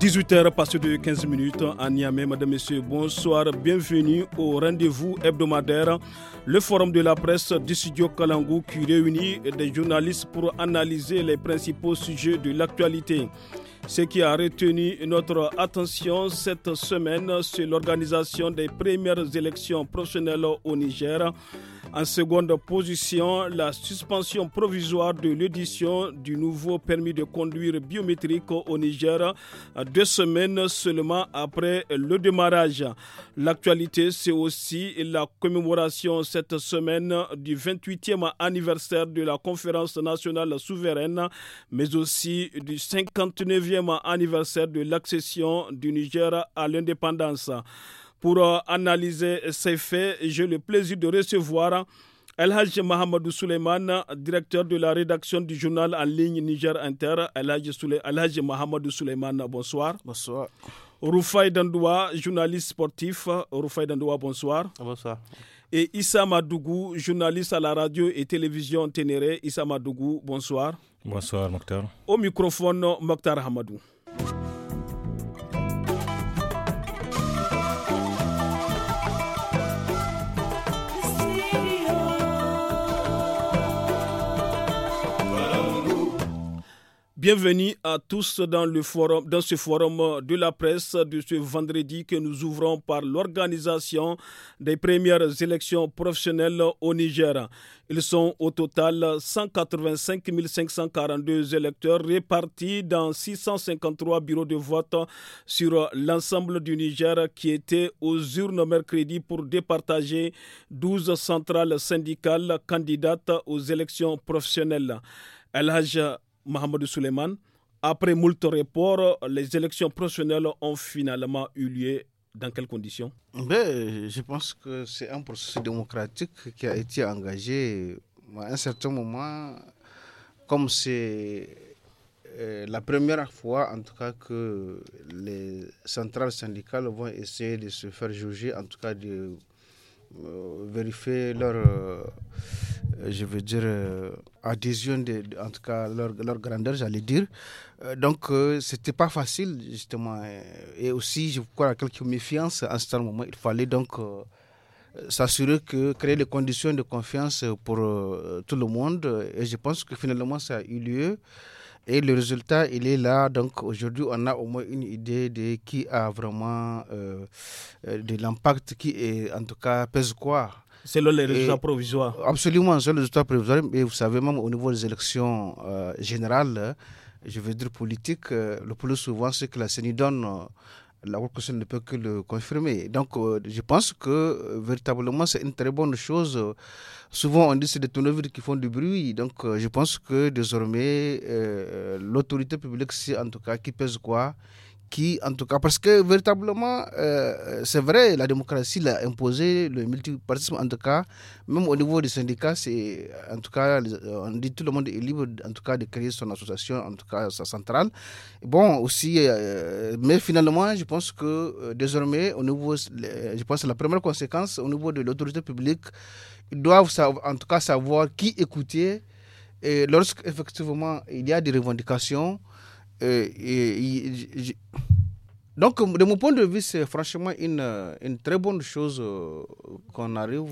18h passé de 15 minutes à Niamey. Madame, Messieurs, bonsoir. Bienvenue au rendez-vous hebdomadaire, le forum de la presse du studio Kalangou qui réunit des journalistes pour analyser les principaux sujets de l'actualité. Ce qui a retenu notre attention cette semaine, c'est l'organisation des premières élections professionnelles au Niger. En seconde position, la suspension provisoire de l'édition du nouveau permis de conduire biométrique au Niger, deux semaines seulement après le démarrage. L'actualité, c'est aussi la commémoration cette semaine du 28e anniversaire de la conférence nationale souveraine, mais aussi du 59e anniversaire de l'accession du Niger à l'indépendance. Pour euh, analyser ces faits, j'ai le plaisir de recevoir Al Hajj Mohamedou Suleiman, directeur de la rédaction du journal en ligne Niger Inter. Al Hajj, Mohamedou Suleiman, bonsoir. Bonsoir. Roufaï Dandoua, journaliste sportif. Roufaï Dandoua, bonsoir. Bonsoir. Et Issa Madougou, journaliste à la radio et télévision Ténéré. Issa Madougou, bonsoir. Bonsoir, Mokhtar. Au microphone, Mokhtar Hamadou. Bienvenue à tous dans, le forum, dans ce forum de la presse de ce vendredi que nous ouvrons par l'organisation des premières élections professionnelles au Niger. Ils sont au total 185 542 électeurs répartis dans 653 bureaux de vote sur l'ensemble du Niger qui étaient aux urnes mercredi pour départager 12 centrales syndicales candidates aux élections professionnelles. El Mohamed Suleiman, après moult reports, les élections professionnelles ont finalement eu lieu dans quelles conditions ben, Je pense que c'est un processus démocratique qui a été engagé à un certain moment, comme c'est euh, la première fois en tout cas que les centrales syndicales vont essayer de se faire juger, en tout cas de euh, vérifier leur... Euh, euh, je veux dire, euh, adhésion, de, en tout cas leur, leur grandeur, j'allais dire. Euh, donc, c'était pas facile, justement. Et aussi, je crois, à quelques méfiances à ce moment. Il fallait donc s'assurer que créer les conditions de confiance pour tout le monde. Et je pense que finalement, ça a eu lieu. Et le résultat, il est là. Donc aujourd'hui, on a au moins une idée de qui a vraiment de l'impact, qui est en tout cas pèse quoi Selon les résultats provisoires. Absolument, selon les résultats provisoires. Mais vous savez, même au niveau des élections euh, générales, je veux dire politiques, euh, le plus souvent, c'est que la CENI donne. Euh, la Cour ne peut que le confirmer. Donc, je pense que véritablement, c'est une très bonne chose. souvent, on dit que c'est des tournevis qui font du bruit. Donc, je pense que désormais, l'autorité publique, c'est en tout cas qui pèse quoi qui, en tout cas, parce que véritablement, euh, c'est vrai, la démocratie l'a imposé, le multipartisme, en tout cas, même au niveau des syndicats, c'est, en tout cas, euh, on dit tout le monde est libre, en tout cas, de créer son association, en tout cas, sa centrale. Bon, aussi, euh, mais finalement, je pense que désormais, au niveau, je pense que la première conséquence, au niveau de l'autorité publique, ils doivent en tout cas savoir qui écouter. Et lorsqu'effectivement, il y a des revendications, euh, donc, de mon point de vue, c'est franchement une, euh, une, très bonne chose euh, qu'on arrive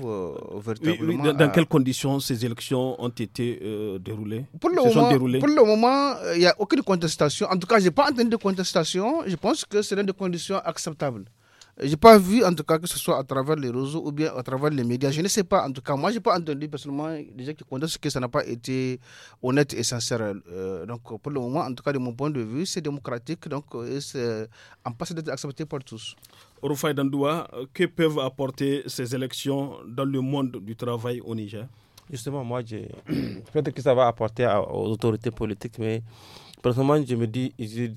véritablement. Dans, quelles conditions ces élections ont été déroulées, pour le, moment, il n'y a aucune contestation. En tout cas, je n'ai pas entendu de contestation. Je pense que c'est une des conditions acceptables. J'ai pas vu, en tout cas, que ce soit à travers les réseaux ou bien à travers les médias. Je ne sais pas, en tout cas. Moi, j'ai pas entendu personnellement des gens qui condamnent que ça n'a pas été honnête et sincère. Euh, donc, pour le moment, en tout cas, de mon point de vue, c'est démocratique. Donc, euh, c'est en passe d'être accepté par tous. Rufai Dandoua, euh, que peuvent apporter ces élections dans le monde du travail au Niger Justement, moi, je... peut-être que ça va apporter aux autorités politiques, mais personnellement, je me dis,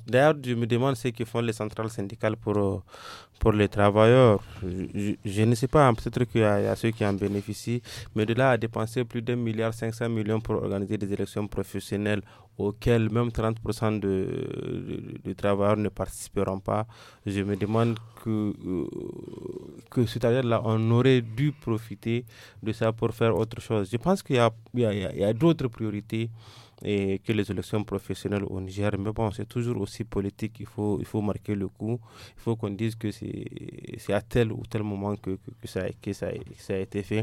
d'ailleurs, je me demande ce que font les centrales syndicales pour, euh, pour les travailleurs. Je, ne sais pas, hein, peut-être qu'il y, a ceux qui en bénéficient, mais de là à dépenser plus d'un milliard 500 millions pour organiser des élections professionnelles auxquelles même 30% de, de, travailleurs ne participeront pas, je me demande que, euh, que c'est-à-dire-là, on aurait dû profiter de ça pour faire autre chose. Je pense qu'il y a, il a, y a d'autres priorités et que les élections professionnelles au Niger. Mais bon, c'est toujours aussi politique. Il faut, il faut marquer le coup. Il faut qu'on dise que c'est à tel ou tel moment que, que, ça, que, ça, ça a été fait.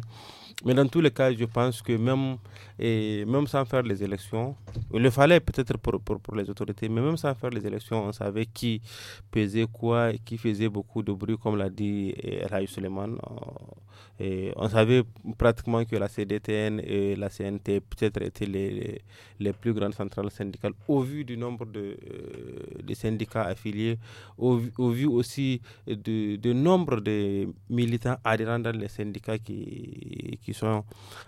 Mais dans tous les cas, je pense que même, et même sans faire les élections, il le fallait peut-être pour, pour, les autorités, mais même sans faire les élections, on savait qui pesait quoi et qui faisait beaucoup de bruit, comme l'a dit Raï eh, Suleiman. Et eh, on savait pratiquement que la CDTN et la CNT peut-être étaient les plus grandes centrales syndicales, au vu du nombre de, euh, syndicats affiliés, au, vu aussi du, nombre de militants adhérents dans les syndicats qui, qui sont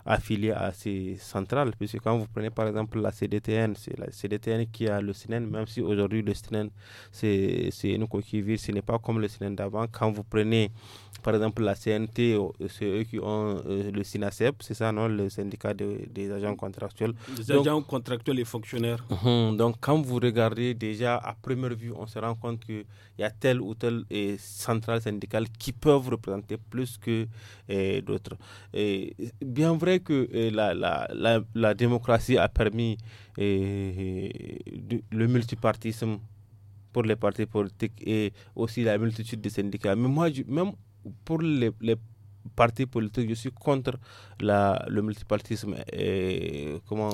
affiliés à ces centrales. Puisque quand vous prenez par exemple la CDTN, c'est la CDTN qui a le SINEN, même si aujourd'hui le SINEN, c'est une coquille vide, ce n'est pas comme le SINEN d'avant. Quand vous prenez par exemple la CNT, oh, c'est eux qui ont euh, le SINACEP, c'est ça, non, le syndicat des agents contractuels. agents contractuels contractuels fonctionnaires. Mhm. donc, quand vous regardez déjà à première vue, on se rend compte qu'il y a telle ou telle et eh, centrale syndicale qui peuvent représenter plus que eh, d'autres. Et bien vrai que eh, la, la, la, la, démocratie a permis le multipartisme pour les partis politiques et aussi la multitude de syndicats. Mais moi, même pour les, les parti politique, je suis contre la, le multipartisme et, comment,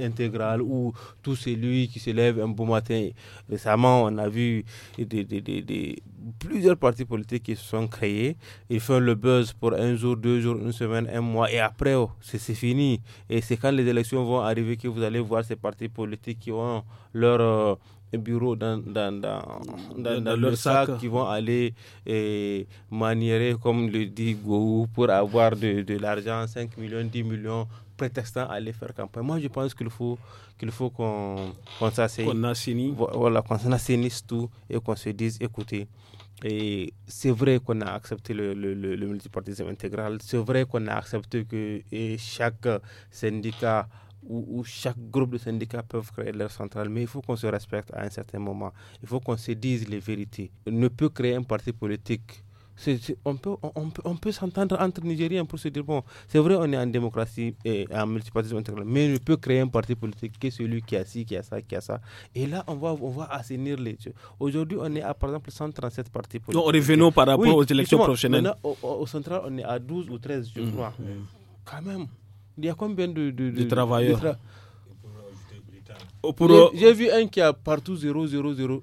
intégral où tout lui qui se lève un beau matin. Récemment, on a vu des, des, des, plusieurs partis politiques qui se sont créés. Ils font le buzz pour un jour, deux jours, une semaine, un mois et après, oh, c'est fini. Et c'est quand les élections vont arriver que vous allez voir ces partis politiques qui ont leur. Euh, bureaux dans, dans, dans, dans, sac, qui vont aller et eh, comme le dit Gou, pour avoir de, de l'argent, 5 millions, 10 millions, prétextant à aller faire campagne. Moi, je pense qu'il faut qu'il faut qu'on qu'on Qu'on Voilà, qu'on tout et qu'on se dise, écoutez, et eh, c'est vrai qu'on a accepté le, le, le, multipartisme intégral, c'est vrai qu'on a accepté que eh, chaque syndicat où, chaque groupe de syndicats peuvent créer leur centrale, mais il faut qu'on se respecte à un certain moment. Il faut qu'on se dise les vérités. On ne peut créer un parti politique. on peut, on, peut, on peut s'entendre entre Nigériens pour se dire, bon, c'est vrai, on est en démocratie et en multipartisme mais on peut créer un parti politique qui est celui qui a ci, qui a ça, qui a ça. Et là, on va, on assainir les Aujourd'hui, on est à, par exemple, 137 partis politiques. Donc, revenons par rapport aux élections prochaines. Au, central, on est à 12 ou 13, je mmh. crois. Mmh. Quand même il y a combien de, de, travailleurs oh, euh, J'ai vu un qui a partout 0, 0, 0.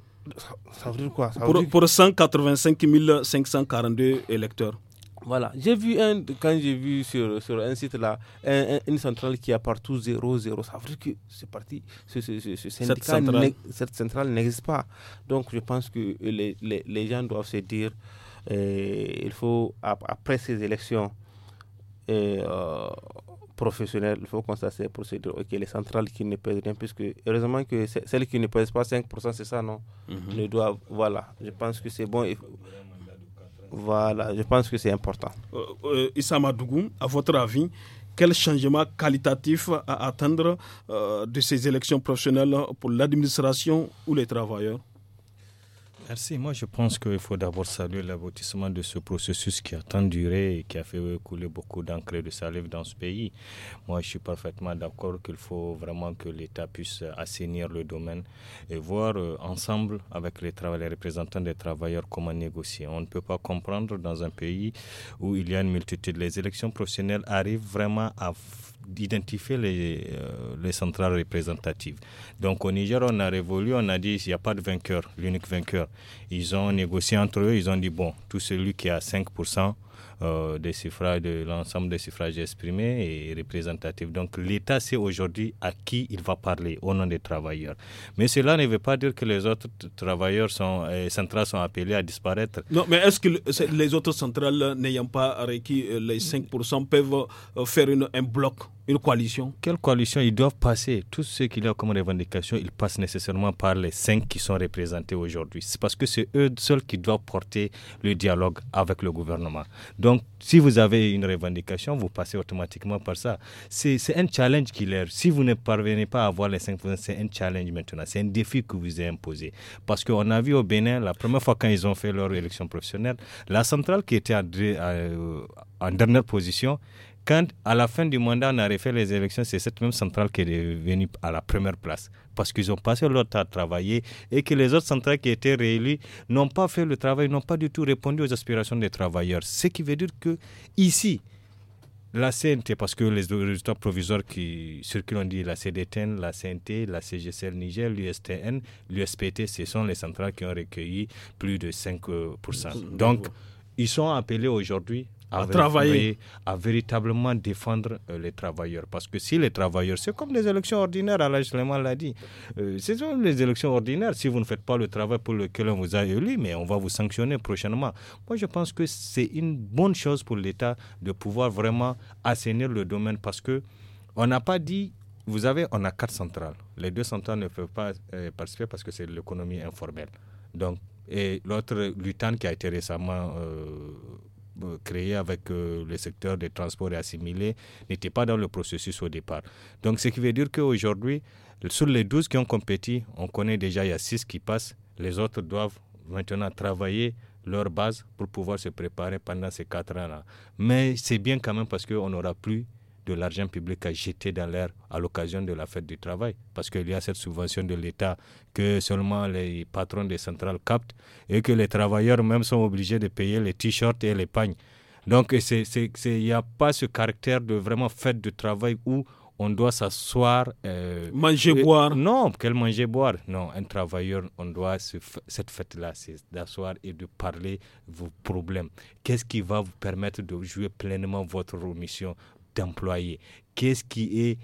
Ça, veut dire quoi pour, 185 542 électeurs. Voilà, j'ai vu un, quand j'ai vu sur, un site là, une centrale qui a partout 0, 0, ça veut dire que c'est parti, ce, syndicat, cette centrale n'existe pas. Donc je pense que les, gens doivent se dire, euh, il faut, après ces élections, euh, professionnel, il faut constater pour se les centrales qui ne pèsent rien, puisque heureusement que celles qui ne pèsent pas 5%, c'est ça, non mhm. doivent, Voilà, je pense que c'est bon. Voilà, je pense que c'est important. Euh, euh, à votre avis, quel changement qualitatif à attendre euh, de ces élections professionnelles pour l'administration ou les travailleurs Merci. Moi, je pense qu'il faut d'abord saluer l'aboutissement de ce processus qui a tant duré et qui a fait couler beaucoup d'encre et de salive dans ce pays. Moi, je suis parfaitement d'accord qu'il faut vraiment que l'État puisse assainir le domaine et voir euh, ensemble avec les, les, représentants des travailleurs comment négocier. On ne peut pas comprendre dans un pays où il y a une multitude. Les élections professionnelles arrivent vraiment à d'identifier euh, les, centrales représentatives. Donc au Niger, on a révolu, on a dit il n'y a pas de vainqueur, l'unique vainqueur. Ils ont négocié entre eux, ils ont dit bon, tout celui qui a 5%, euh, des de l'ensemble des suffrages exprimés et représentatifs. Donc l'État sait aujourd'hui à qui il va parler au nom des travailleurs. Mais cela ne veut pas dire que les autres travailleurs sont, euh, centrales sont appelés à disparaître. Non, mais est-ce que les autres centrales n'ayant pas requis euh, les 5% peuvent faire un bloc une coalition. Quelle coalition Ils doivent passer. Tout ce qu'il y a comme revendication, il passe nécessairement par les cinq qui sont représentés aujourd'hui. C'est parce que c'est eux seuls qui doivent porter le dialogue avec le gouvernement. Donc, si vous avez une revendication, vous passez automatiquement par ça. C'est un challenge qui leur. Si vous ne parvenez pas à avoir les cinq, c'est un challenge maintenant. C'est un défi que vous avez imposé. Parce qu'on a vu au Bénin, la première fois quand ils ont fait leur élection professionnelle, la centrale qui était euh, en dernière position, quand à la fin du mandat, on a refait les élections, c'est cette même centrale qui est venue à la première place. Parce qu'ils ont passé leur temps à travailler et que les autres centrales qui étaient réélues n'ont pas fait le travail, n'ont pas du tout répondu aux aspirations des travailleurs. Ce qui veut dire que ici, la CNT, parce que les résultats provisoires qui circulent, on dit la CDTN, la CNT, la CGCL Niger, l'USTN, l'USPT, ce sont les centrales qui ont recueilli plus de 5%. Donc, ils sont appelés aujourd'hui à, travailler, à véritablement défendre euh, les travailleurs. Parce que si les travailleurs, c'est comme les élections ordinaires, Alain l'a dit, euh, c'est comme les élections ordinaires, si vous ne faites pas le travail pour lequel on vous a élu, mais on va vous sanctionner prochainement. Moi, je pense que c'est une bonne chose pour l'État de pouvoir vraiment assainir le domaine parce que on n'a pas dit vous avez, on a quatre centrales. Les deux centrales ne peuvent pas euh, participer parce que c'est l'économie informelle. Donc, et l'autre, l'UTAN qui a été récemment euh, créé avec euh, le secteur des transports et assimilés n'était pas dans le processus au départ. Donc, ce qui veut dire qu'aujourd'hui, sur les 12 qui ont compétit, on connaît déjà, il y a 6 qui passent. Les autres doivent maintenant travailler leur base pour pouvoir se préparer pendant ces 4 ans-là. Mais c'est bien quand même parce qu'on n'aura plus de l'argent public à jeter dans l'air à l'occasion de la fête du travail. Parce qu'il y a cette subvention de l'État que seulement les patrons des centrales captent et que les travailleurs même sont obligés de payer les t-shirts et les pagnes. Donc il n'y a pas ce caractère de vraiment fête du travail où on doit s'asseoir. Euh, manger, boire. Non, quel manger, boire. Non, un travailleur, on doit, cette fête-là, c'est d'asseoir et de parler vos problèmes. Qu'est-ce qui va vous permettre de jouer pleinement votre mission d'employés Qu'est-ce qui est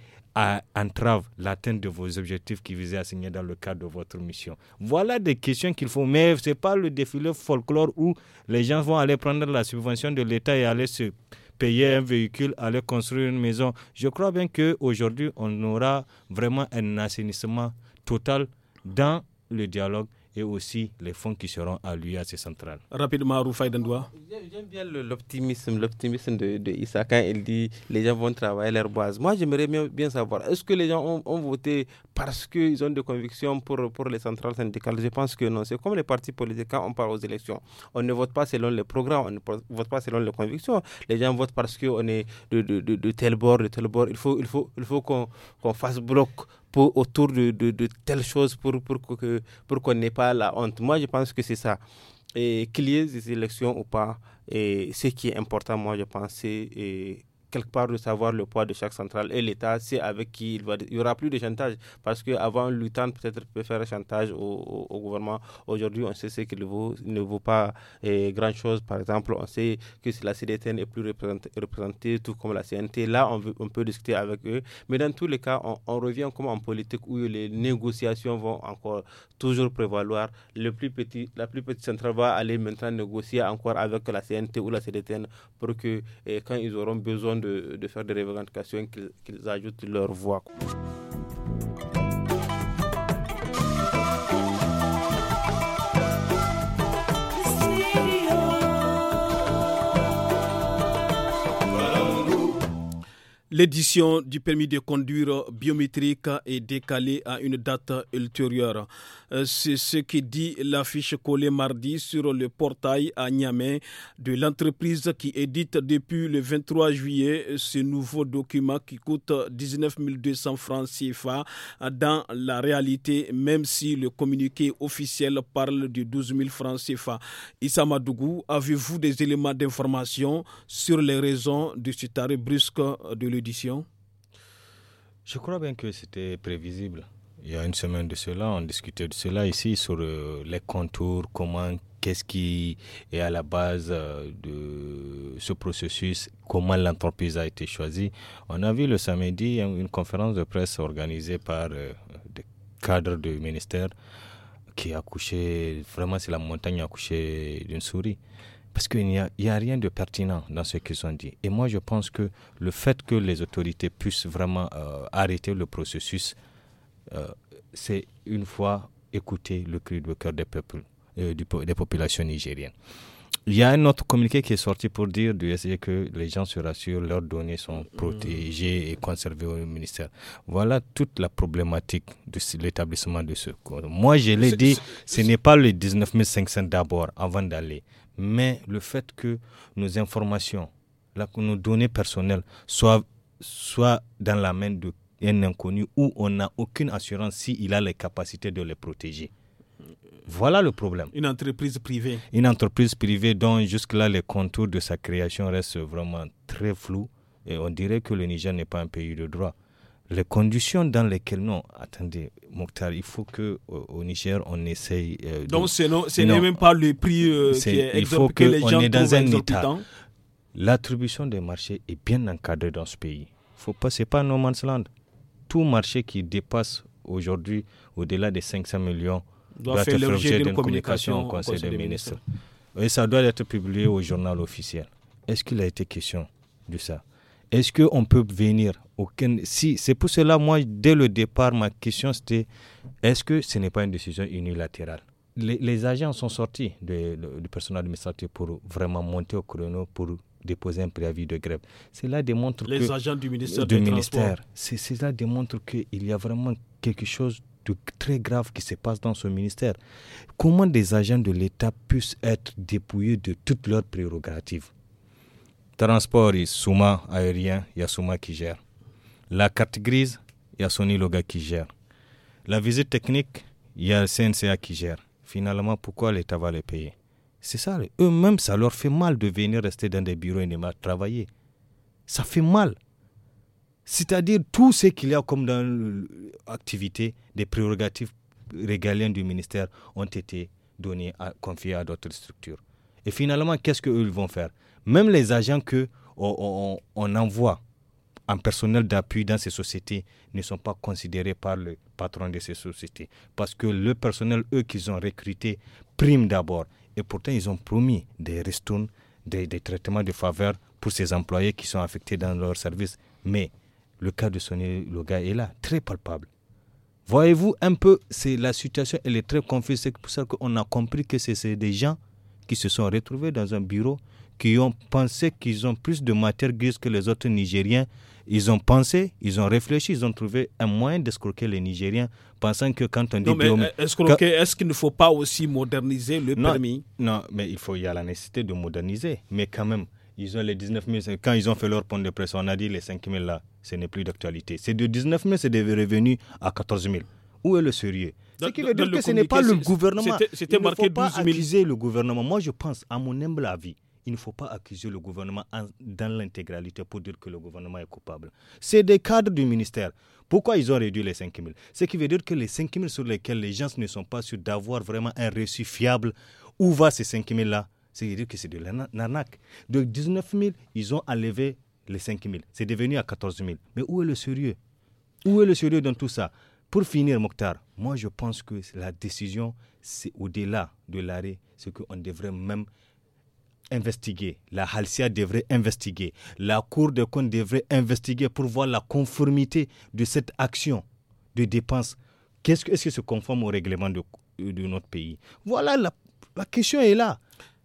entrave l'atteinte de vos objectifs qui visaient à signer dans le cadre de votre mission Voilà des questions qu'il faut. Mais ce n'est pas le défilé folklore où les gens vont aller prendre la subvention de l'État et aller se payer un véhicule, aller construire une maison. Je crois bien qu'aujourd'hui, on aura vraiment un assainissement total dans le dialogue et aussi les fonds qui seront alloués à ces centrales. Rapidement, Roufaï Dendoua. J'aime bien l'optimisme, l'optimisme de, quand il dit les gens vont travailler leur base. Moi, j'aimerais bien, savoir, est-ce que les gens ont, voté parce qu'ils ont des convictions pour, pour les centrales syndicales Je pense que non. C'est comme les partis politiques quand on parle aux élections. On ne vote pas selon les programmes, on ne vote pas selon les convictions. Les gens votent parce qu'on est de, de, de, tel bord, de tel bord. Il faut, il faut, il faut qu'on fasse bloc pour, autour de, de, telles choses pour, pour, que, pour qu'on n'ait pas la honte. Moi, je pense que c'est ça. Et qu'il y ait des élections ou pas, et ce qui est important, moi, je pense, c'est quelque part de savoir le poids de chaque centrale et l'État c'est avec qui il va. Il n'y aura plus de chantage parce qu'avant, l'UTAN peut-être peut faire un chantage au, gouvernement. Aujourd'hui, on sait ce qu'il vaut, ne vaut pas eh, grand-chose. Par exemple, on sait que la CDTN est plus représentée, tout comme la CNT. Là, on, peut discuter avec eux. Mais dans tous les cas, on, revient comme en politique où les négociations vont encore toujours prévaloir. Le plus petit, la plus petite centrale va aller maintenant négocier encore avec la CNT ou la CDTN pour que eh, quand ils auront besoin de, faire des revendications, qu'ils ajoutent leur voix. L'édition du permis de conduire biométrique est décalée à une date ultérieure. Euh, c'est ce que dit l'affiche collée mardi sur le portail à Niamey de l'entreprise qui édite depuis le 23 juillet ce nouveau document qui coûte 19 200 francs CFA dans la réalité, même si le communiqué officiel parle de 12 000 francs CFA. Issa avez-vous des éléments d'information sur les raisons de cet arrêt brusque de je crois bien que c'était prévisible. Il y a une semaine de cela, on discutait de cela ici sur euh, les contours, comment, qu'est-ce qui est à la base euh, de ce processus, comment l'entreprise a été choisie. On a vu le samedi une conférence de presse organisée par euh, des cadres du ministère qui a couché, vraiment c'est la montagne a couché d'une souris. Parce qu'il n'y a, rien de pertinent dans ce qu'ils ont dit. Et moi, je pense que le fait que les autorités puissent vraiment euh, arrêter le processus, euh, c'est une fois écouter le cri de cœur des peuples, euh, des populations nigériennes. Il y a un autre communiqué qui est sorti pour dire du que les gens se rassurent, leurs données sont mm. protégées et conservées au ministère. Voilà toute la problématique de l'établissement de ce code. Moi, je l'ai dit, ce n'est pas les 19 500 d'abord avant d'aller mais le fait que nos informations, là, que nos données personnelles soient, soient dans la main d'un inconnu où on n'a aucune assurance s'il a les capacités de les protéger. Voilà le problème. Une entreprise privée. Une entreprise privée dont jusque-là les contours de sa création restent vraiment très flous et on dirait que le Niger n'est pas un pays de droit les conditions dans lesquelles non attendez Mokhtar il faut que euh, au Niger on essaye euh, donc ce n'est même pas le prix euh, il faut que, les gens on est dans un état l'attribution des marchés est bien encadrée dans ce pays faut pas c'est pas no man's land tout marché qui dépasse aujourd'hui au-delà des 500 millions doit, doit faire l'objet d'une communication au conseil, des, ministres. ministres et ça doit être publié au journal officiel est-ce qu'il a été question de ça est-ce qu'on peut venir si, c'est pour cela, moi, dès le départ, ma question c'était est-ce que ce n'est pas une décision unilatérale les, agents sont sortis du personnel administratif pour vraiment monter au chrono pour déposer un préavis de grève. Cela démontre les agents du ministère, du ministère cela démontre qu'il y a vraiment quelque chose de très grave qui se passe dans ce ministère. Comment des agents de l'État puissent être dépouillés de toutes leurs prérogatives Transport, Souma aérien, il y a Souma qui gère. La carte grise, il y a Sony Loga qui gère. La visite technique, il y a le CNCA qui gère. Finalement, pourquoi l'État va les payer C'est ça, eux-mêmes, ça leur fait mal de venir rester dans des bureaux et ne pas travailler. Ça fait mal. C'est-à-dire tout ce qu'il y a comme dans l'activité, des prérogatives régaliennes du ministère ont été données, à, confiées à d'autres structures. Et finalement, qu'est-ce qu'ils vont faire Même les agents qu'on on envoie en personnel d'appui dans ces sociétés ne sont pas considérés par le patron de ces sociétés. Parce que le personnel, eux, qu'ils ont recruté, prime d'abord. Et pourtant, ils ont promis des restons, des, des, traitements de faveur pour ces employés qui sont affectés dans leur service. Mais le cas de Sonny Loga est là, très palpable. Voyez-vous un peu, c'est la situation, elle est très confuse. C'est pour ça qu'on a compris que c'est des gens qui se sont retrouvés dans un bureau, qui ont pensé qu'ils ont plus de matière grise que les autres Nigériens ils ont pensé, ils ont réfléchi, ils ont trouvé un moyen d'escroquer les Nigériens, pensant que quand on dit... Euh, escroquer, est-ce qu'il ne faut pas aussi moderniser le permis Non, mais il, faut, y a la nécessité de moderniser. Mais quand même, ils ont les 19 000. Quand ils ont fait leur point de presse, on a dit les 5 000 là, ce n'est plus d'actualité. C'est de 19 000, c'est revenus à 14 000. Où est le sérieux ce qui veut dire que ce n'est pas le gouvernement. C'était ne faut pas le gouvernement. Moi, je pense, à mon humble avis, il ne faut pas accuser le gouvernement dans l'intégralité pour dire que le gouvernement est coupable. C'est des cadres du ministère. Pourquoi ils ont réduit les 5 000 Ce qui veut dire que les 5 000 sur lesquels les gens ne sont pas sûrs d'avoir vraiment un reçu fiable, où va ces 5 000 là C'est-à-dire que c'est de l'arnaque. De 19 000, ils ont enlevé les 5 000. C'est devenu à 14 000. Mais où est le sérieux Où est le sérieux dans tout ça Pour finir, Mokhtar, moi je pense que la décision, c'est au-delà de l'arrêt, c'est qu'on devrait même investiguer, la Halcia devrait investiguer, la Cour des comptes devrait investiguer pour voir la conformité de cette action de dépense. quest ce que se -ce conforme au règlement de, notre pays Voilà, la, question est là.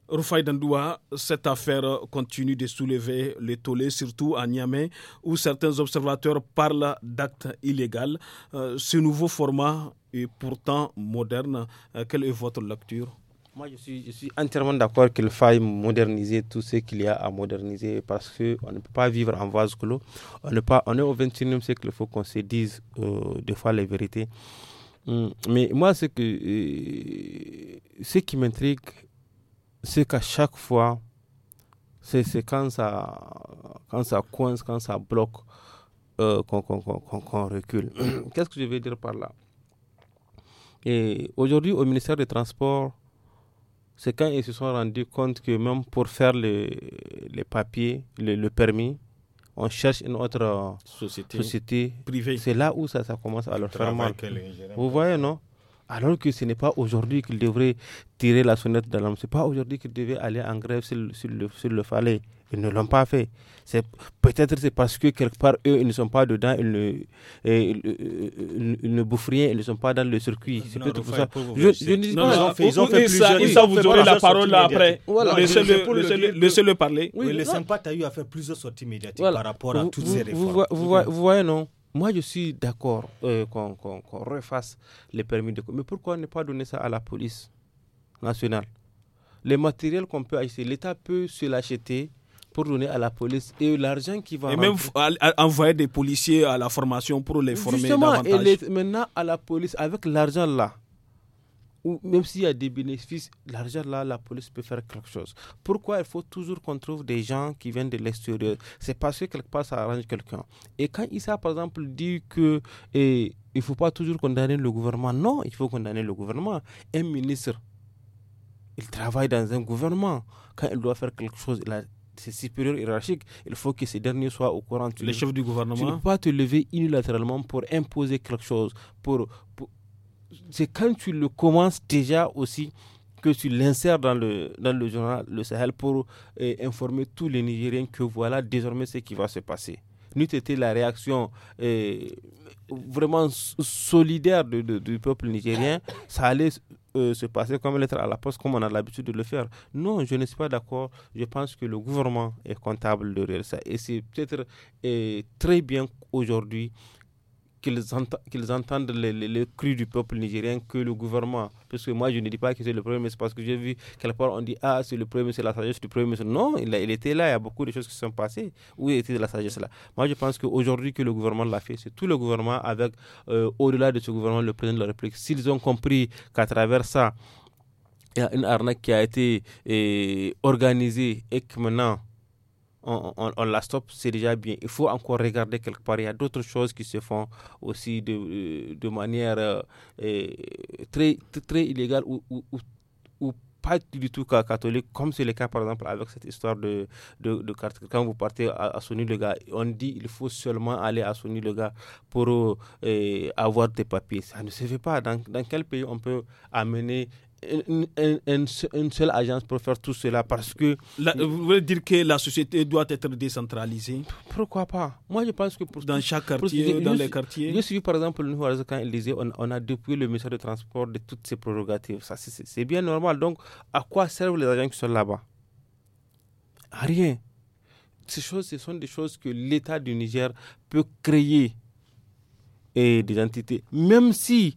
Rufai Dandoua, cette affaire continue de soulever les tollés, surtout à Niamey, où certains observateurs parlent d'actes illégaux. Euh, ce nouveau format est pourtant moderne. Euh, quelle est votre lecture moi, je suis, entièrement d'accord qu'il faille moderniser tout ce qu'il y a à moderniser parce qu'on ne peut pas vivre en vase clos. On, est pas, on est au 21e siècle, il faut qu'on se dise euh, des fois les vérités. Hum, mais moi, ce, que, euh, ce qui m'intrigue, c'est qu'à chaque fois, c'est quand ça, quand ça coince, quand ça bloque, euh, qu'on recule. Qu'est-ce que je veux dire par là Et aujourd'hui, au ministère des Transports, c'est quand ils se sont rendus compte que même pour faire les papiers, le, permis, on cherche une autre euh, société, privée. C'est là où ça, ça commence à leur faire mal. Vous voyez, non alors que ce n'est pas aujourd'hui qu'ils devraient tirer la sonnette d'alarme. Ce n'est pas aujourd'hui qu'ils devaient aller en grève sur le, le, fallait. Ils ne l'ont pas fait. Peut-être c'est parce que quelque part, eux, ils ne sont pas dedans, ils ne, euh, euh, ils, ne bouffent rien, ils ne sont pas dans le circuit. C'est peut-être Je, je dis non, ils ont fait, ils ont fait plusieurs. ça, vous aurez la parole là après. Laissez-le parler. Oui, le Sympa, tu as eu à faire plusieurs sorties médiatiques par rapport à toutes ces réformes. Vous, voyez, non moi, je suis d'accord euh, qu'on refasse les permis de Mais pourquoi ne pas donner ça à la police nationale Les matériels qu'on peut acheter, l'État peut se l'acheter pour donner à la police et l'argent qui va. Et même envoyer des policiers à la formation pour les former Justement, Et maintenant à la police, avec l'argent là, ou même s'il y a des bénéfices, l'argent là, la police peut faire quelque chose. Pourquoi il faut toujours qu'on trouve des gens qui viennent de l'extérieur C'est parce que quelque part ça arrange quelqu'un. Et quand Issa, par exemple, dit que. Et, eh, il ne faut pas toujours condamner le gouvernement. Non, il faut condamner le gouvernement. Un ministre, il travaille dans un gouvernement. Quand il doit faire quelque chose, il a ses supérieurs hiérarchiques, il faut que ces derniers soient au courant. Les chefs du gouvernement. Tu ne peux pas te lever unilatéralement pour imposer quelque chose. Pour, C'est quand tu le commences déjà aussi que tu l'insères dans le, dans le journal Le Sahel pour eh, informer tous les Nigériens que voilà désormais ce qui va se passer. N'eût été la réaction eh, vraiment solidaire du peuple nigérien, ça allait euh, se passer comme lettre à la poste, comme on a l'habitude de le faire. Non, je ne suis pas d'accord. Je pense que le gouvernement est comptable de ça. Et c'est peut-être très bien aujourd'hui qu'ils entendent, les, du peuple nigérien que le gouvernement. Parce que moi, je ne dis pas que c'est le premier c'est parce que j'ai vu quelque part, on dit Ah, c'est le premier c'est la sagesse du premier Non, il, était là, il y a beaucoup de choses qui sont passées. Où était la sagesse là Moi, je pense qu'aujourd'hui que le gouvernement l'a fait, c'est tout le gouvernement, avec euh, au-delà de ce gouvernement, le président de la République. S'ils ont compris qu'à travers ça, il y a une arnaque qui a été eh, organisée et que maintenant, on, la stoppe, c'est déjà bien. Il faut encore regarder quelque part. Il y a d'autres choses qui se font aussi de, euh, de manière euh, euh, très, très illégale ou, ou, ou pas du tout catholique, comme c'est le cas par exemple avec cette histoire de, de, Quand vous partez à, à le gars, on dit il faut seulement aller à Sony le gars pour avoir des papiers. Ça ne se fait pas. Dans, dans quel pays on peut amener une, seule agence pour faire tout cela parce que... Euh, vous voulez dire que la société doit être décentralisée Pourquoi pas Moi, je pense que... dans chaque quartier, dans les quartiers Je suis, par exemple, le quand il disait on, a depuis le ministère de Transport de toutes ses prérogatives. Ça, c'est bien normal. Donc, à quoi servent les agents qui sont là-bas À rien. Ces choses, ce sont des choses que l'État du Niger peut créer et des entités. Même si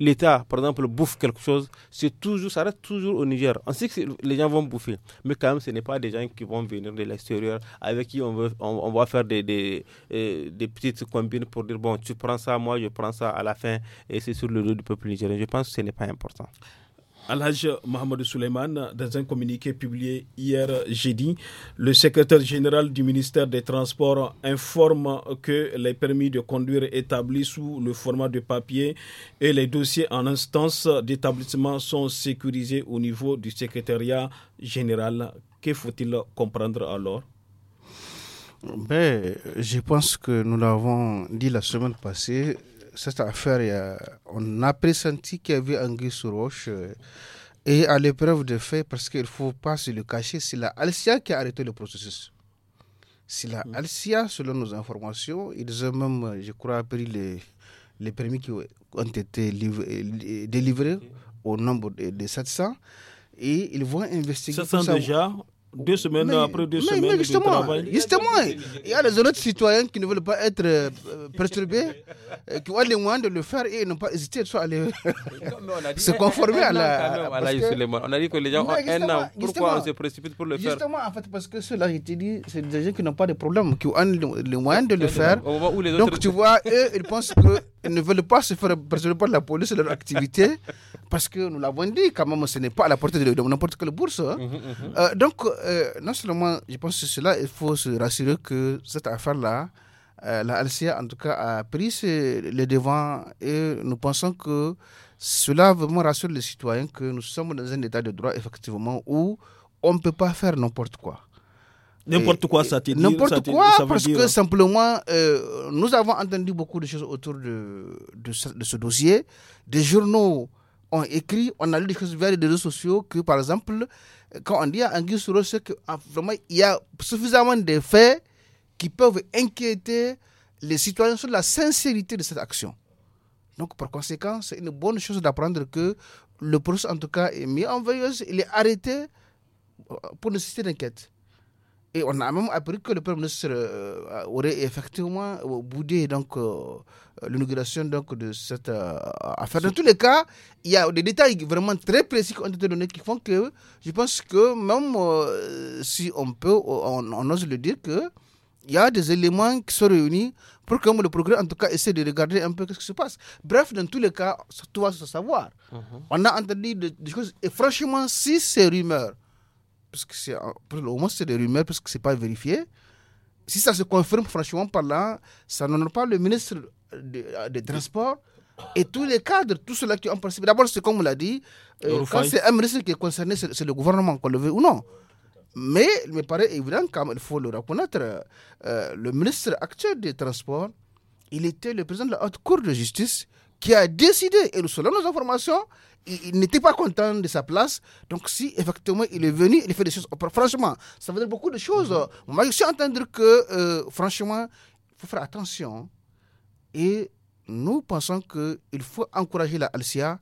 l'État, par exemple, bouffe quelque chose, c'est toujours, ça reste toujours au Niger. On sait que les gens vont bouffer, mais quand même, ce n'est pas des gens qui vont venir de l'extérieur, avec qui on, veut, on, va faire des, des, euh, des, petites combines pour dire, bon, tu prends ça, moi je prends ça à la fin, et c'est sur le dos du peuple nigérien. Je pense que ce n'est pas important. Alhaj Mohamed Souleiman, dans un communiqué publié hier jeudi, le secrétaire général du ministère des Transports informe que les permis de conduire établis sous le format de papier et les dossiers en instance d'établissement sont sécurisés au niveau du secrétariat général. Que faut-il comprendre alors ben, je pense que nous l'avons dit la semaine passée, cette affaire, on a pressenti qu'il y avait gris sur roche. Euh, et à l'épreuve de fait, parce qu'il ne faut pas se le cacher, c'est la Alcia qui a arrêté le processus. C'est la hmm. Alcia, selon nos informations, ils ont même, euh, je crois, pris les, les permis qui ont été délivrés au nombre de, 700. Et ils vont investiguer. 700 déjà deux semaines après deux semaines justement, travail. Justement, il y a des autres citoyens qui ne veulent pas être euh, perturbés, euh, qui ont les moyens de le faire et n'ont pas hésité soit à se conformer à la. À la on a dit que les gens ont un an. Pourquoi on se précipite pour le faire Justement, en fait, parce que ceux-là, je te dis, c'est des gens qui n'ont pas de problème, qui ont les moyens de le faire. Donc, tu vois, eux, ils pensent que ils ne veulent pas se faire percevoir par la police leur activité parce que nous l'avons dit, quand même, ce n'est pas à la portée de n'importe quelle bourse. Hein. Mmh, mmh, mmh. Euh, donc, euh, non seulement, je pense que cela, il faut se rassurer que cette affaire-là, euh, la Alcia, en tout cas, a pris le devant et nous pensons que cela vraiment rassure les citoyens que nous sommes dans un état de droit, effectivement, où on ne peut pas faire n'importe quoi. N'importe quoi, ça N'importe quoi, parce que simplement, euh, nous avons entendu beaucoup de choses autour de, ce, dossier. Des journaux ont écrit, on a lu des choses vers les réseaux sociaux que, par exemple, quand on dit à Anguille Souro, c'est que ah, vraiment, il y a suffisamment de faits qui peuvent inquiéter les citoyens sur la sincérité de cette action. Donc, par conséquent, c'est une bonne chose d'apprendre que le procès, en tout cas, est mis en veilleuse, il est arrêté euh, pour nécessiter d'enquête. Et on a même appris que le Premier ministre euh, aurait effectivement boudé donc, euh, l'inauguration donc, de cette euh, affaire. Dans tous les cas, il y a des détails vraiment très précis qui ont été donnés qui font que je pense que même si on peut, on, ose le dire, que il y a des éléments qui sont réunis pour que le progrès, en tout cas, essaie de regarder un peu ce qui se passe. Bref, dans tous les cas, tout va se savoir. Mhm. On a entendu des choses. Et franchement, si ces rumeurs parce que c'est au moins c'est des rumeurs parce que c'est pas vérifié. Si ça se confirme, franchement par là ça n'honore pas le ministre euh, des Transports et tous les cadres, tout ceux-là qui ont participé. D'abord, c'est comme on l'a dit, euh, quand c'est un ministre qui est concerné, c'est le gouvernement qu'on le veut ou non. Mais il me paraît évident, comme il faut le reconnaître, euh, le ministre actuel des Transports, il était le président de la haute cour de justice qui a décidé, et selon nos informations, il, n'était pas content de sa place. Donc, si effectivement il est venu, il fait des choses. Franchement, ça veut dire beaucoup de choses. Mhm. Moi, je suis en train de dire que, euh, franchement, il faut faire attention. Et nous pensons qu'il faut encourager la Alcia.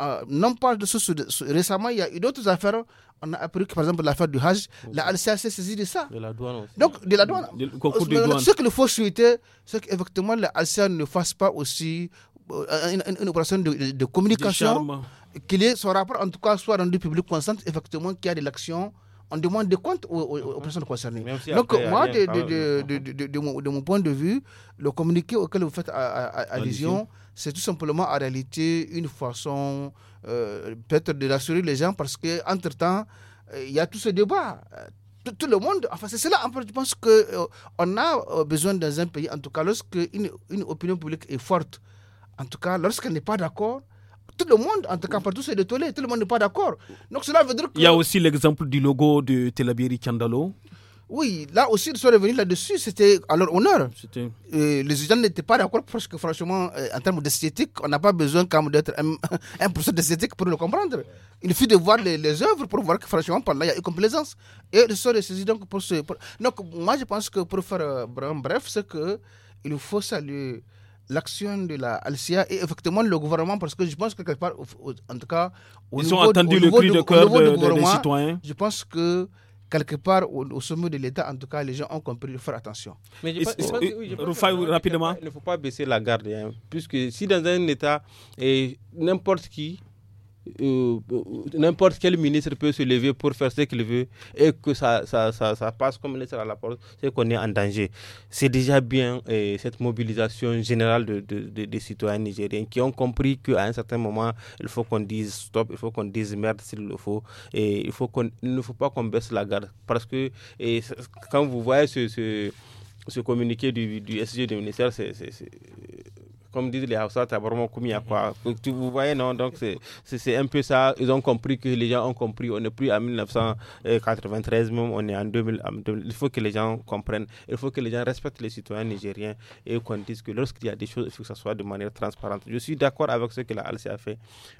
Euh, non pas de ce, récemment, il y a eu d'autres affaires. On a appris que, par exemple, l'affaire du Hajj, la Alcia s'est saisie de ça. De la douane aussi. Donc, de la douane. De, euh, Ce qu'il faut souhaiter, c'est qu'effectivement, la Alcia ne fasse pas aussi euh, une, opération de, communication, qu'il ait son rapport, en tout cas, soit rendu public constant, effectivement, qu'il y a de l'action. On demande des comptes aux, personnes concernées. Donc, moi, de, de, mon, de, mon, point de vue, le communiqué auquel vous faites allusion, c'est tout simplement en réalité une façon euh, peut-être de rassurer les gens parce qu'entre-temps, euh, il y a tout ce débat. Tout, le monde. Enfin, c'est cela. je pense qu'on on a besoin dans un pays, en tout cas, lorsque une opinion publique est forte, en tout cas, lorsqu'elle n'est pas d'accord, tout le monde, en tout cas partout, c'est détourné. tout le monde n'est pas d'accord. Donc cela veut dire que... Il y a aussi l'exemple du logo de Telabiri Chandalo. Oui, là aussi, ils sont revenus là-dessus, c'était à leur honneur. et les gens n'étaient pas d'accord parce que, franchement, euh, en termes d'esthétique, on n'a pas besoin quand d'être un, d'esthétique pour le comprendre. Il suffit de voir les, œuvres pour voir que, franchement, par là, il y a une complaisance. Et ils sont donc moi, je pense que pour faire un euh, bref, c'est qu'il faut saluer l'action de la Alcia et effectivement le gouvernement, parce que je pense que quelque part, en tout cas, au ils ont entendu le cri de, cœur des citoyens. Je pense que quelque part au, sommet de l'État, en tout cas, les gens ont compris de faire attention. Mais je rapidement. Il ne faut pas baisser la garde, hein, puisque si dans un État, n'importe qui euh, euh, n'importe quel ministre peut se lever pour faire ce qu'il veut et que ça, ça, ça, passe comme ministre à la porte, c'est qu'on est en danger. C'est déjà bien euh, cette mobilisation générale de, de, des citoyens nigériens qui ont compris qu'à un certain moment, il faut qu'on dise stop, il faut qu'on dise merde s'il le faut, et il, faut qu'on, ne faut pas qu'on baisse la garde. Parce que et, quand vous voyez ce, ce, communiqué du, du SG du ministère, c'est comme disent les Hausa, commis à mhm. quoi. Tu, vous voyez, non Donc, c'est un peu ça. Ils ont compris que les gens ont compris. On n'est plus en 1993, même, on est en 2000, Il faut que les gens comprennent. Il faut que les gens respectent les citoyens nigériens et qu'on dise que lorsqu'il y a des choses, il faut que ça soit de manière transparente. Je suis d'accord avec ce que la a fait,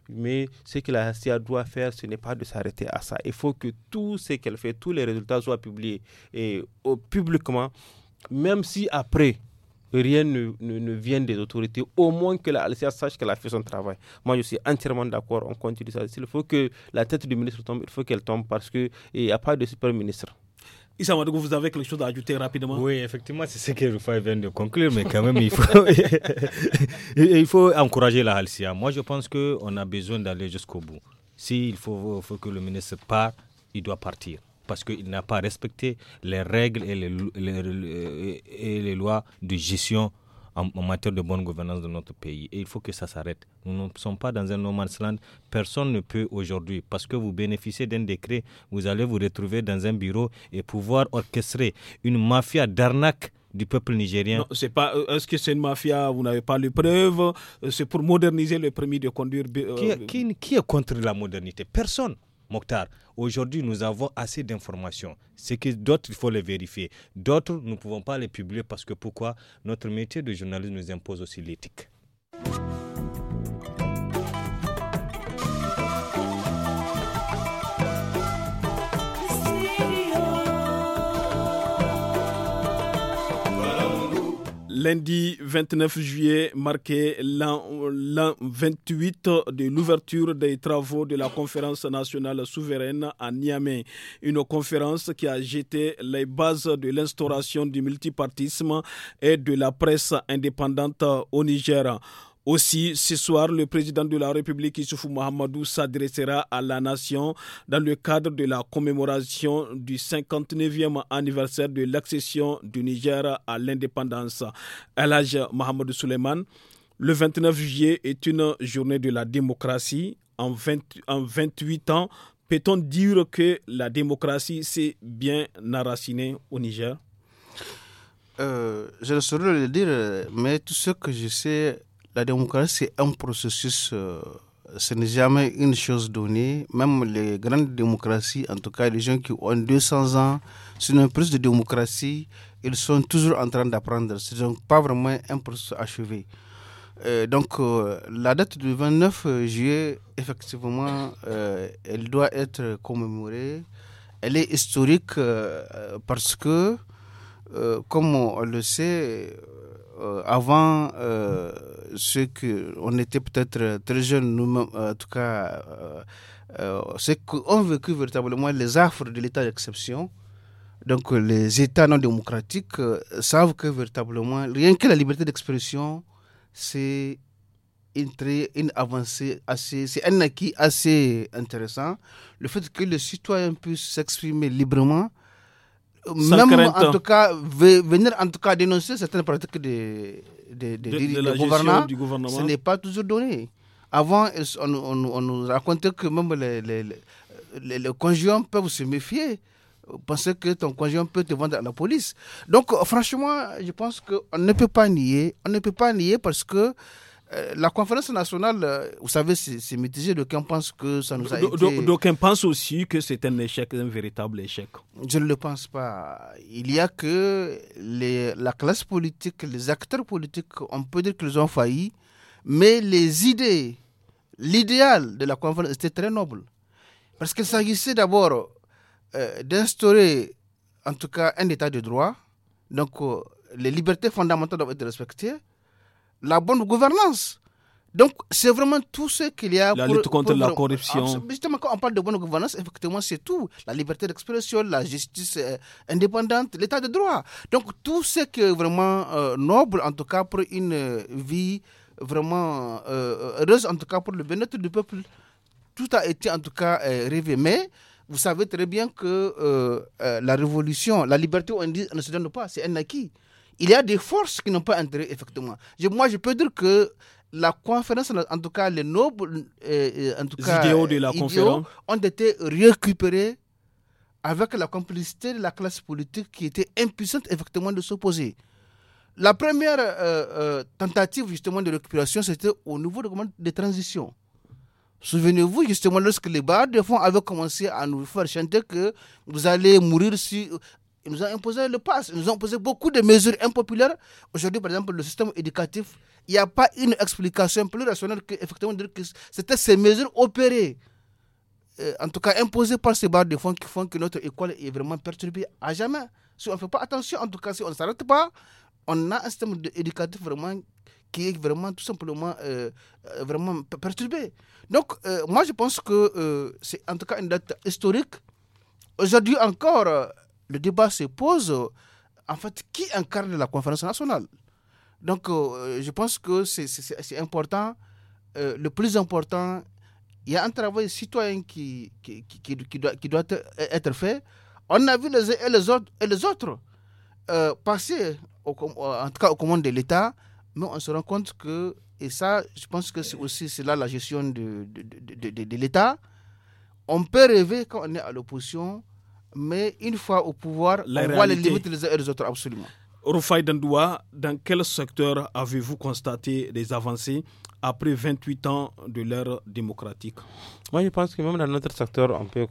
mais ce que la Halcia doit faire, ce n'est pas de s'arrêter à ça. Il faut que tout ce qu'elle fait, tous les résultats soient publiés et, publiquement, même si après, rien ne, ne, vient des autorités, au moins que la LCA sache qu'elle a fait son travail. Moi, je suis entièrement d'accord, on continue ça. Il faut que la tête du ministre tombe, il faut qu'elle tombe parce qu'il n'y a pas de super ministre. Issa Madougou, vous avez quelque chose à ajouter rapidement Oui, effectivement, c'est ce que Rufai vient de conclure, mais quand même, il faut, encourager la Halcia. Moi, je pense qu'on a besoin d'aller jusqu'au bout. S'il faut, faut que le ministre parte, il doit partir parce qu'il n'a pas respecté les règles et les, euh, les lois de gestion en, matière de bonne gouvernance de notre pays. Et il faut que ça s'arrête. Nous ne sommes pas dans un no man's land. Personne ne peut aujourd'hui, parce que vous bénéficiez d'un décret, vous allez vous retrouver dans un bureau et pouvoir orchestrer une mafia d'arnaque du peuple nigérien. c'est pas. Euh, est-ce que c'est une mafia Vous n'avez pas les preuves. Euh, c'est pour moderniser le permis de conduire. qui est contre la modernité Personne. Mokhtar, aujourd'hui, nous avons assez d'informations. Ce que d'autres, il faut les vérifier. D'autres, nous ne pouvons pas les publier parce que pourquoi Notre métier de journaliste nous impose aussi l'éthique. Lundi 29 juillet marquait l'an 28 de l'ouverture des travaux de la conférence nationale souveraine à Niamey. Une conférence qui a jeté les bases de l'instauration du multipartisme et de la presse indépendante au Niger. Aussi, ce soir, le président de la République, Issoufou Mohamedou, s'adressera à la nation dans le cadre de la commémoration du 59e anniversaire de l'accession du Niger à l'indépendance. Elhaj Mohamedou Suleiman, le 29 juillet est une journée de la démocratie. En, en 28 ans, peut-on dire que la démocratie s'est bien enracinée au Niger euh, Je ne saurais le dire, mais tout ce que je sais la démocratie, c'est un processus, euh, ce n'est jamais une chose donnée. Même les grandes démocraties, en tout cas les gens qui ont 200 ans, une plus de démocratie, ils sont toujours en train d'apprendre. C'est donc pas vraiment un processus achevé. Euh, donc euh, la date du 29 juillet, effectivement, elle doit être commémorée. Elle est historique parce que, comme on le sait, avant ce que on était peut-être euh, très jeunes nous-mêmes, euh, en tout cas, euh, euh c'est qu'on vécu véritablement les affres de l'état d'exception. Donc les États non démocratiques savent que véritablement, rien que la liberté d'expression, c'est une, une avancée assez, c'est un acquis assez intéressant. Le fait que le citoyen puisse s'exprimer librement, même en tout cas, venir en tout cas dénoncer certaines pratiques des de, de, gouvernement, ce n'est pas toujours donné. Avant, on, nous racontait que même les, les, conjoints peuvent se méfier, penser que ton conjoint peut te vendre à la police. Donc, franchement, je pense qu'on ne peut pas nier, on ne peut pas nier parce que euh, la conférence nationale, euh, vous savez, c'est mitigé. on pense que ça nous a été... D'aucuns pensent aussi que c'est un échec, un véritable échec. Je ne le pense pas. Il y a que les, la classe politique, les acteurs politiques, on peut dire qu'ils ont failli, mais les idées, l'idéal de la conférence était très noble. Parce qu'il s'agissait d'abord euh, d'instaurer, en tout cas, un état de droit. Donc, les libertés fondamentales doivent être respectées la bonne gouvernance. Donc, c'est vraiment tout ce qu'il y a. La lutte contre la corruption. Justement, quand on parle de bonne gouvernance, effectivement, c'est tout. La liberté d'expression, la justice euh, indépendante, l'état de droit. Donc, tout ce qui est vraiment euh, noble, en tout cas, pour une euh, vie vraiment heureuse, en tout cas, pour le bien-être du peuple, tout a été, en tout cas, rêvé. Mais, vous savez très bien que la révolution, la liberté, on ne se donne pas, c'est un acquis il y a des forces qui n'ont pas intérêt, effectivement. moi, je peux dire que la conférence, en tout cas, les nobles, euh, en tout les idéaux de la euh, conférence ont été récupérés avec la complicité de la classe politique qui était impuissante, effectivement, de s'opposer. La première euh, tentative, justement, de récupération, c'était au niveau des transitions. de transition. Souvenez-vous, justement, lorsque les barres de fond avaient commencé à nous faire chanter que vous allez mourir si ils nous ont imposé le pass, ils nous ont imposé beaucoup de mesures impopulaires. Aujourd'hui, par exemple, le système éducatif, il n'y a pas une explication plus rationnelle que effectivement dire que c'était ces mesures opérées, euh, en tout cas imposées par ces barres de fonds qui font que notre école est vraiment perturbée à jamais. Si on ne fait pas attention, en tout cas, si on ne s'arrête pas, on a un système éducatif vraiment qui est vraiment tout simplement euh, euh, vraiment perturbé. Donc, moi, je pense que c'est en tout cas une date historique. Aujourd'hui encore, le débat se pose, euh, en fait, qui incarne la conférence nationale Donc, euh, je pense que c'est important. Euh, le plus important, il y a un travail citoyen qui, qui, qui, doit, être fait. On a vu les uns et les autres, et les autres passer, au, en tout cas aux commandes de l'État, mais on se rend compte que, et ça, je pense que c'est aussi là la gestion de, de, de, de l'État. On peut rêver quand on est à l'opposition mais une fois au pouvoir, la on voit les limites les et les autres, absolument. Rufai Dandoua, dans quel secteur avez-vous constaté des avancées après 28 ans de l'ère démocratique Moi, je pense que même dans notre secteur, on peut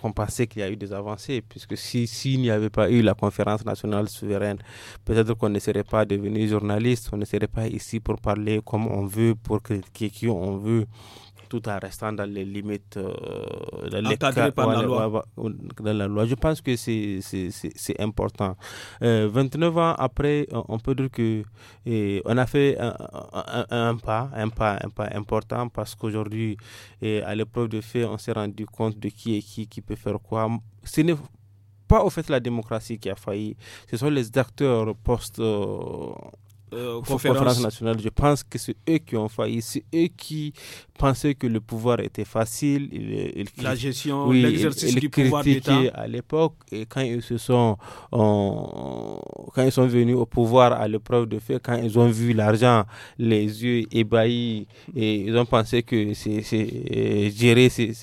compenser qu'il y a eu des avancées, puisque s'il si, s'il n'y avait pas eu la conférence nationale souveraine, peut-être qu'on ne serait pas devenu journaliste, on ne serait pas ici pour parler comme on veut, pour critiquer qui on veut tout en restant dans les limites euh, dans, la loi. Je pense que c'est important. 29 euh, ans après, on peut dire que et on a fait un, un, pas, un pas, un pas important parce qu'aujourd'hui, à l'épreuve de fait, on s'est rendu compte de qui est qui, qui peut faire quoi. Ce n'est pas au fait la démocratie qui a failli, ce sont les acteurs post. Euh, euh, conférence. nationale, je pense que c'est eux qui ont failli, c'est eux qui pensaient que le pouvoir était facile. la gestion, l'exercice du pouvoir d'État. à l'époque et quand ils se sont, quand ils sont venus au pouvoir à l'épreuve de fait, quand ils ont vu l'argent, les yeux ébahis et ils ont pensé que c'est euh, gérer, c'est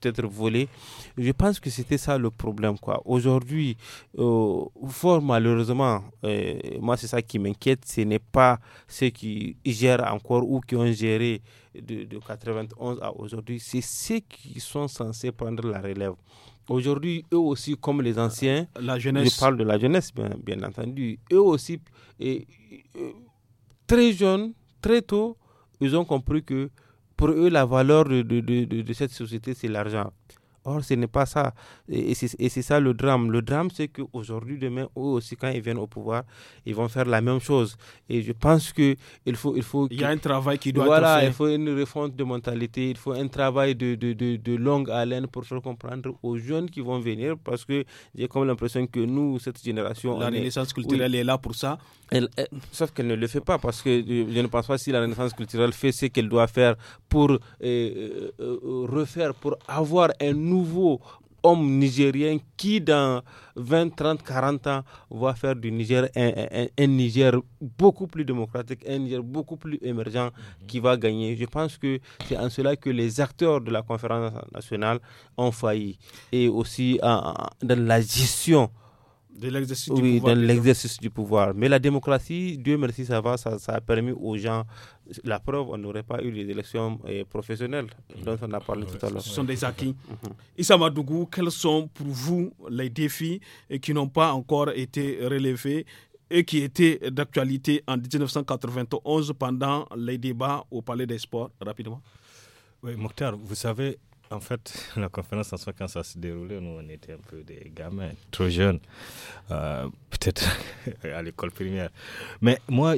peut-être voler. Je pense que c'était ça le problème. quoi. Aujourd'hui, euh, fort malheureusement, euh, moi c'est ça qui m'inquiète, ce n'est pas ceux qui gèrent encore ou qui ont géré de, de 91 à aujourd'hui, c'est ceux qui sont censés prendre la relève. Aujourd'hui, eux aussi, comme les anciens, je parle de la jeunesse, bien, entendu, eux aussi, et, très jeunes, très tôt, ils ont compris que pour eux, la valeur de, de cette société, c'est l'argent. Or, ce n'est pas ça. Et c'est ça le drame. Le drame, c'est qu'aujourd'hui, demain, eux aussi, quand ils viennent au pouvoir, ils vont faire la même chose. Et je pense qu'il faut, il faut... Il y a un travail qui doit être fait. il faut une refonte de mentalité, il faut un travail de, de, de, longue haleine pour faire comprendre aux jeunes qui vont venir, parce que j'ai comme l'impression que nous, cette génération... La renaissance culturelle est là pour ça. Sauf qu'elle ne le fait pas, parce que euh, je ne pense pas si la Renaissance culturelle fait ce qu'elle doit faire pour euh, euh, refaire, pour avoir un nouveau homme nigérien qui, dans 20, 30, 40 ans, va faire du Niger un, Niger beaucoup plus démocratique, un Niger beaucoup plus émergent qui va gagner. Je pense que c'est en cela que les acteurs de la conférence nationale ont failli et aussi dans la gestion de l'exercice du pouvoir. dans l'exercice du pouvoir. Mais la démocratie, Dieu merci, ça va, ça, a permis aux gens. La preuve, on n'aurait pas eu les élections eh, professionnelles dont on a parlé tout à l'heure. Ce sont des acquis. Mhm. Issa Madougou, quels sont pour vous les défis eh, qui n'ont pas encore été relevés et qui étaient d'actualité en 1991 pendant les débats au Palais des Sports, rapidement Oui, Mokhtar, vous savez, en fait, la conférence en soi, quand ça s'est déroulé, nous, on était un peu des gamins, trop jeunes, euh, peut-être à l'école primaire. Mais moi,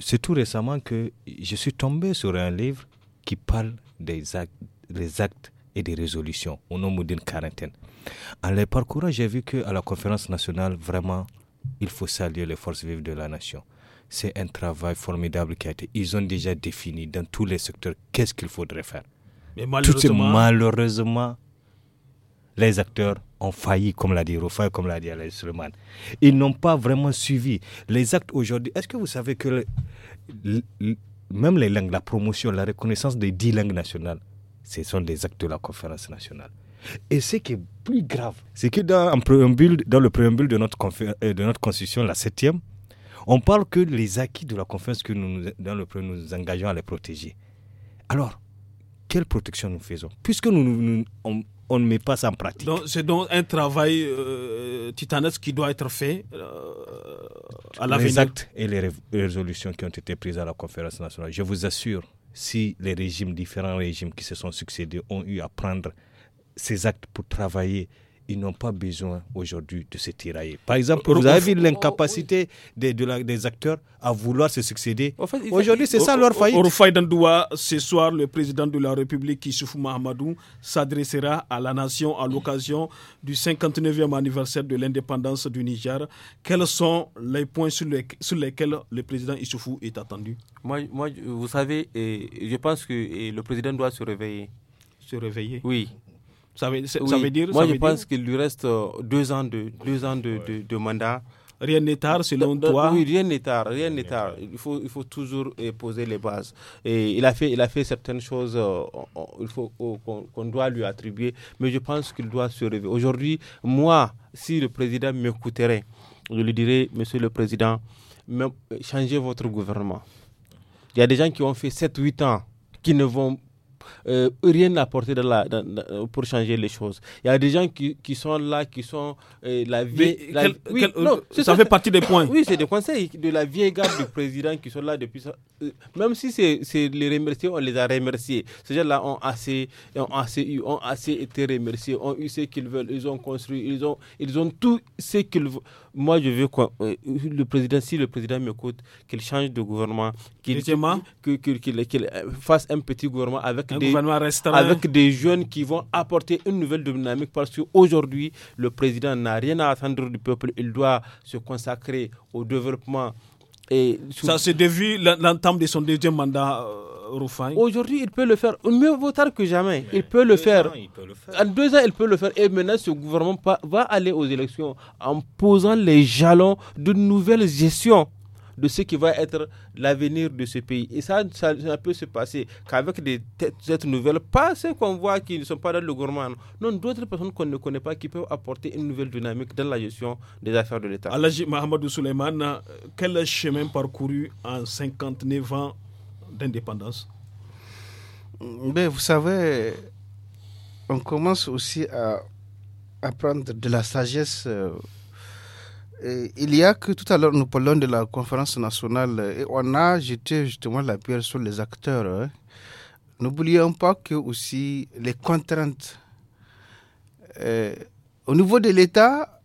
c'est tout récemment que je suis tombé sur un livre qui parle des actes, et des résolutions au nom d'une quarantaine. En les parcourant, j'ai vu qu'à la conférence nationale, vraiment, il faut saluer les forces vives de la nation. C'est un travail formidable qui a été. Ils ont déjà défini dans tous les secteurs qu'est-ce qu'il faudrait faire malheureusement, les acteurs ont failli, comme l'a dit et comme l'a dit Alain Suleiman. Ils n'ont pas vraiment suivi les actes aujourd'hui. Est-ce que vous savez que même les langues, la promotion, la reconnaissance des dix langues nationales, ce sont des actes de la conférence nationale. Et ce qui est plus grave, c'est que dans, dans le préambule de notre, euh, de notre constitution, la septième, on parle que les acquis de la conférence que nous, dans le nous engageons à les protéger. Alors, quelle protection nous faisons Puisque nous, on, ne met pas ça en pratique. c'est donc un travail euh, titanesque qui doit être fait euh, à l'avenir. Les actes et les, résolutions qui ont été prises à la conférence nationale, je vous assure, si les régimes, différents régimes qui se sont succédés ont eu à prendre ces actes pour travailler ils n'ont pas besoin aujourd'hui de se tirailler. Par exemple, vous avez vu l'incapacité des, acteurs à vouloir se succéder. aujourd'hui, c'est ça leur faillite. Orfaï Dandoua, ce soir, le président de la République, Issoufou Mahamadou, s'adressera à la nation à l'occasion du 59e anniversaire de l'indépendance du Niger. Quels sont les points sur, lesquels le président Issoufou est attendu moi, moi, vous savez, je pense que le président doit se réveiller. Se réveiller Oui, ça veut, dire. Moi, je pense qu'il lui reste euh, deux ans de, deux ans de, mandat. Rien n'est tard selon toi. Oui, rien n'est tard, rien n'est tard. Il faut, il faut toujours poser les bases. Et il a fait, il a fait certaines choses euh, oh, qu'on doit lui attribuer, mais je pense qu'il doit se réveiller. Aujourd'hui, moi, si le président m'écouterait, je lui dirais, Monsieur le président, euh, changez votre gouvernement. Il y a des gens qui ont fait 7-8 ans qui ne vont euh, rien apporté de la, pour changer les choses. Il y a des gens qui, qui sont là, qui sont euh, la vie. Euh, ça, fait partie des points. Oui, c'est des conseils de la vieille garde du président qui sont là depuis. Ça, même si c'est les remercier, on les a remerciés. Ces gens-là ont assez, ont assez ont assez été remerciés, ont eu ce qu'ils veulent, ils ont construit, ils ont, ils ont tout ce qu'ils veulent. Moi, je veux quoi le président, si le président m'écoute, qu'il change de gouvernement, qu'il qu'il fasse un petit gouvernement avec avec, des, jeunes qui vont apporter une nouvelle dynamique parce qu'aujourd'hui, le président n'a rien à attendre du peuple. Il doit se consacrer au développement. Et Ça se depuis l'entame de son deuxième mandat. Euh, aujourd'hui, il peut le faire. Mieux vaut tard que jamais. Il peut, le faire. En deux ans, il peut le faire. Et maintenant, ce gouvernement va aller aux élections en posant les jalons d'une nouvelle gestion de ce qui va être l'avenir de ce pays. Et ça, ça, peut se passer qu'avec des têtes nouvelles, pas ceux qu'on voit qui ne sont pas dans le gourmand, non, d'autres personnes qu'on ne connaît pas qui peuvent apporter une nouvelle dynamique dans la gestion des affaires de l'État. Alaji Mahamadou Souleymane, quel chemin parcouru en 59 ans d'indépendance Mais ben, Vous savez, on commence aussi à apprendre de la sagesse. Euh, il y a que tout à l'heure, nous parlons de la conférence nationale et on a jeté justement la pierre sur les acteurs. Hein. N'oublions pas que aussi les contraintes. Euh, au niveau de l'État,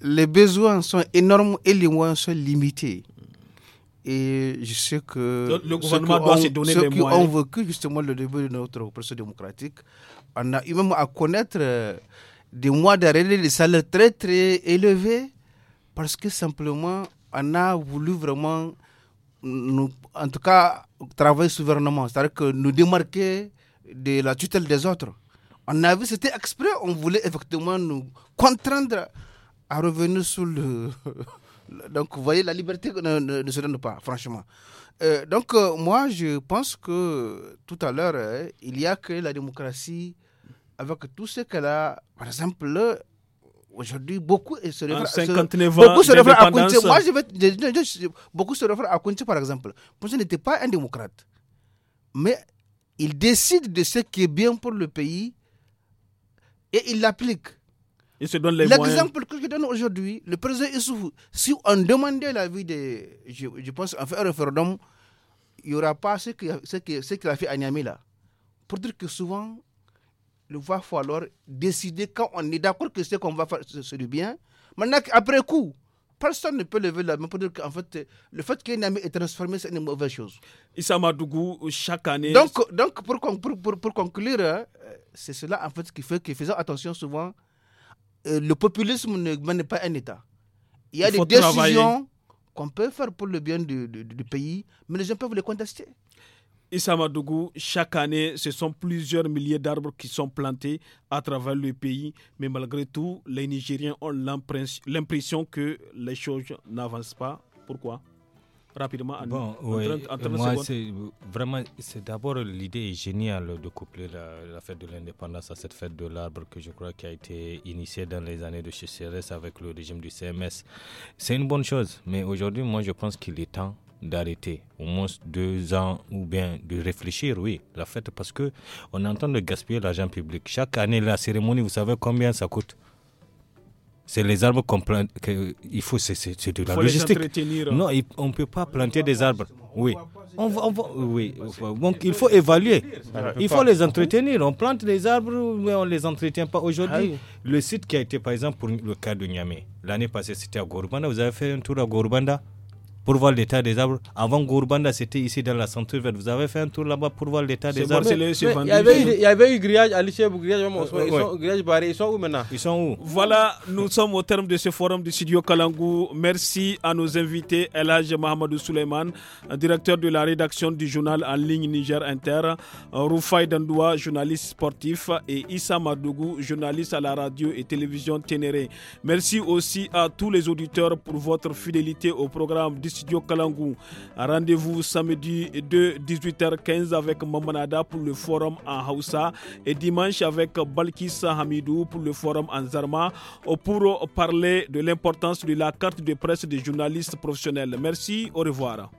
les besoins sont énormes et les moyens sont limités. Et je sais que. Le, gouvernement doit se donner ceux qui moyens. ont vécu justement le début de notre processus démocratique, on a eu même à connaître euh, des mois d'arrêt, des salaires très très élevés parce que simplement, on a voulu vraiment, nous, en tout cas, travailler souverainement, c'est-à-dire que nous démarquer de la tutelle des autres. On a vu, c'était exprès, on voulait effectivement nous contraindre à revenir sur le... donc, vous voyez, la liberté ne, se donne pas, franchement. Euh, donc, euh, moi, je pense que tout à l'heure, euh, il y a que la démocratie, avec tout ce qu'elle a, par exemple, Aujourd'hui, beaucoup se réfèrent, à Kunti. beaucoup se réfèrent à Kunti, par exemple. Kunti n'était pas un démocrate. Mais il décide de ce qui est bien pour le pays et il l'applique. Il se donne les L'exemple que je donne aujourd'hui, le président souvent... si on demandait l'avis de, Je, je, pense, en fait, un référendum, il n'y aura pas ce qu'il ce a fait à Niamey là. Pour dire que souvent, il faut alors décider quand on est d'accord que c'est qu'on va faire, du bien. Maintenant, après coup, personne ne peut lever la main pour dire qu'en fait, le fait qu'un ami est transformé, c'est une mauvaise chose. Issa Madougou, chaque année. Donc, donc pour, pour, conclure, hein, c'est cela en fait qui fait que, faisons attention souvent, euh, le populisme ne mène pas un État. Il y a des décisions qu'on peut faire pour le bien du pays, mais les gens peuvent les contester. Isamadougou, chaque année, ce sont plusieurs milliers d'arbres qui sont plantés à travers le pays, mais malgré tout, les Nigériens ont l'impression que les choses n'avancent pas. Pourquoi Rapidement, en, bon, Vraiment, c'est d'abord l'idée est géniale de coupler la, la fête de l'indépendance à cette fête de l'arbre que je crois qui a été initiée dans les années de chez CRS avec le régime du CMS. C'est une bonne chose, mais aujourd'hui, moi, je pense qu'il est temps d'arrêter, au moins deux ans ou bien de réfléchir, oui, la fête, parce que on entend de gaspiller l'argent public. Chaque année, la cérémonie, vous savez combien ça coûte c'est les arbres qu'on plante. il faut, c'est de la logistique. Non, on ne peut pas planter des arbres. Oui. On va, oui. Donc il faut évaluer. Il faut les entretenir. On plante des arbres, mais on ne les entretient pas aujourd'hui. Ah le site qui a été, par exemple, pour le cas de Niamey, l'année passée, c'était à Gorbanda. Vous avez fait un tour à Gorbanda pour voir l'état des arbres. Avant Gourbanda, c'était ici dans la centrale verte. Vous avez fait un tour là-bas pour voir l'état des arbres. Il y, avait, y avait eu grillage, à grillage, euh, ils, sont, grillage ils sont où maintenant Ils sont où Voilà, nous sommes au terme de ce forum du studio Kalangou. Merci à nos invités, Elhaj Mahamadou Souleyman, directeur de la rédaction du journal en ligne Niger Inter, Rufai Dandoua, journaliste sportif, et Issa Madougou, journaliste à la radio et télévision Ténéré. Merci aussi à tous les auditeurs pour votre fidélité au programme studio Kalangou. Rendez-vous samedi de 18h15 avec Mamanada pour le forum en Hausa et dimanche avec Balkis Hamidou pour le forum en Zarma pour parler de l'importance de la carte de presse des journalistes professionnels. Merci, au revoir.